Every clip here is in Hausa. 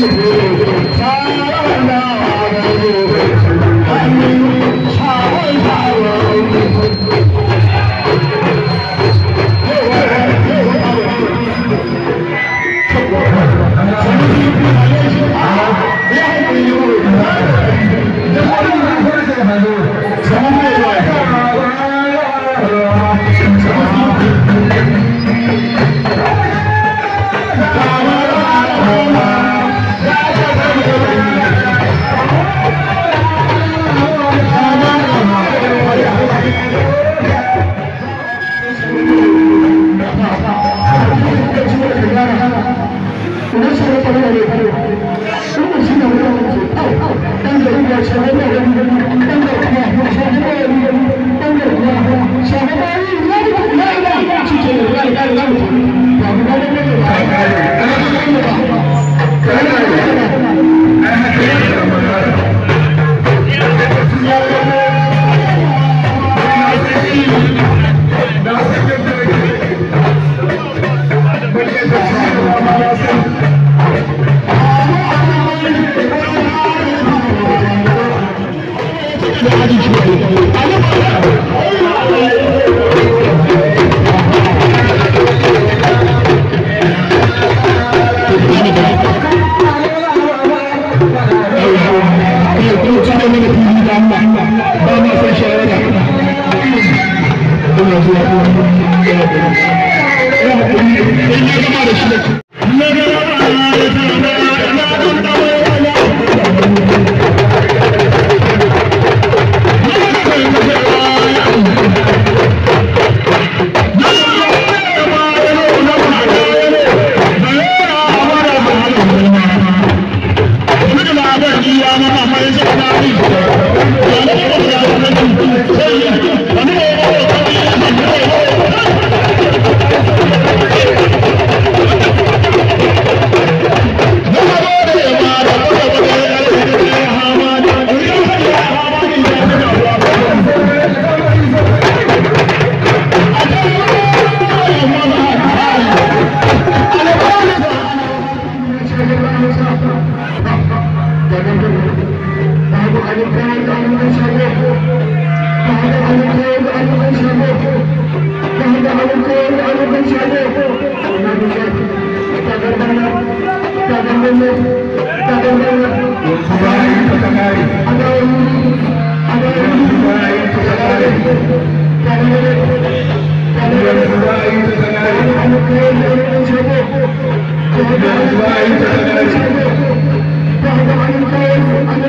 Thank you. ya haƙuri in ya gama da shi अन पाइनेश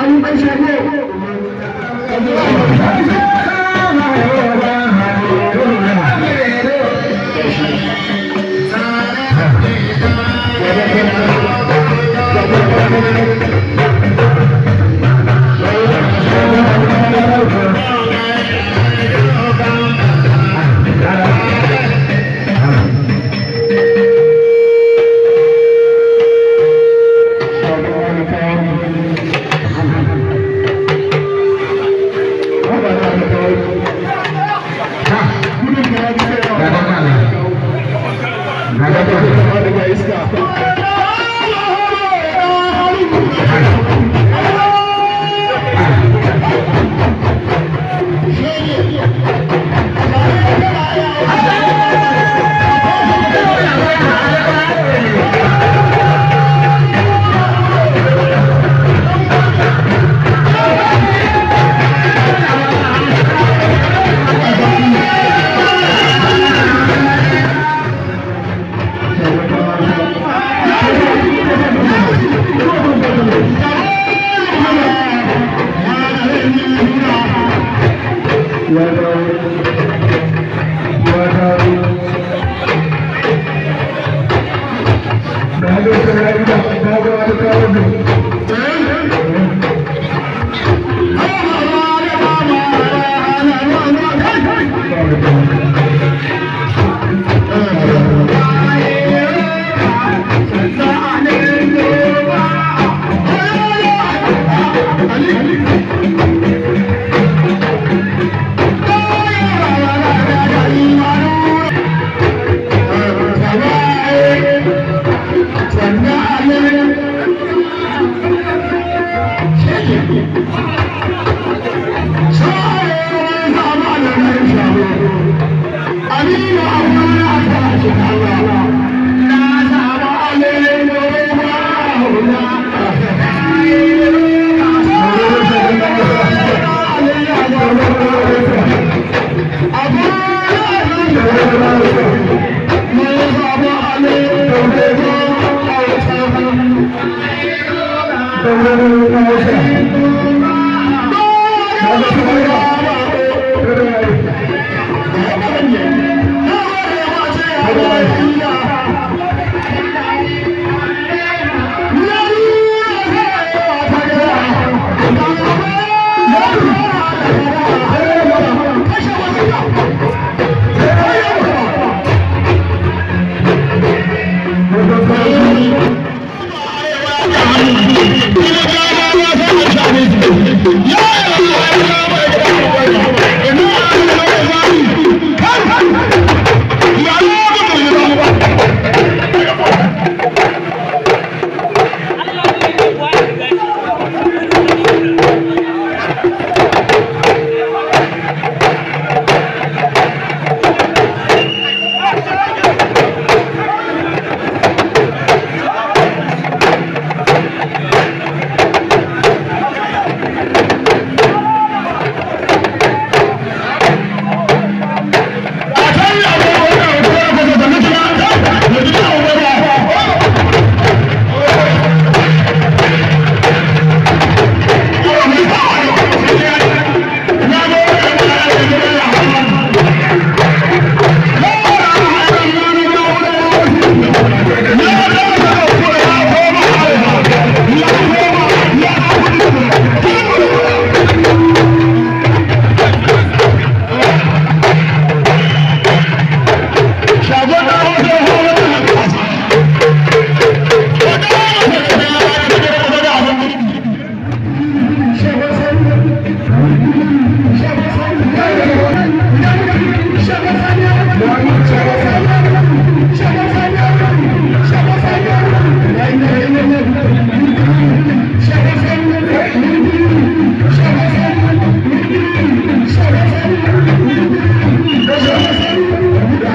anh bay xe ハハハハ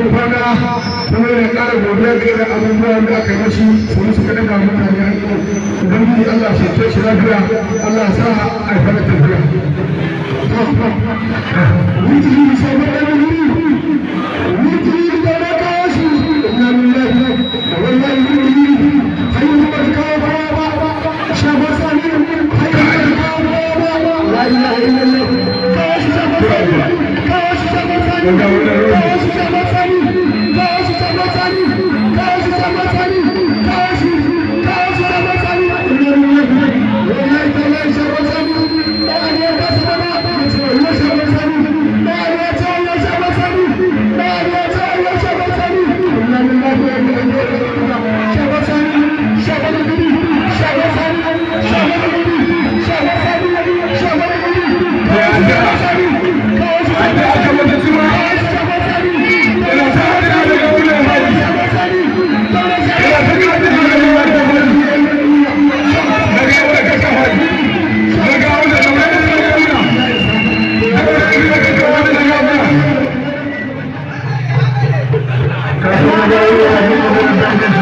yin kwana kuma yana ƙara godiya ga irin da aka mashi kuma suka daga mutane ubangiji Allah shi shi lafiya Allah sa a da Hallelujah.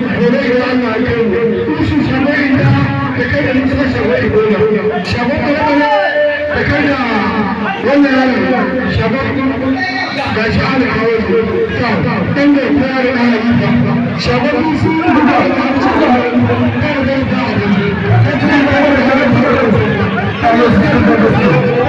gobe idan Allah ya kai mu in shi shago inda da kai da mutum shago ibona shago ibona da kai da wannan yaron shago ga shi ana kawo su ta dan da kowa da ana yi ba shago ibona su da da da da da da da da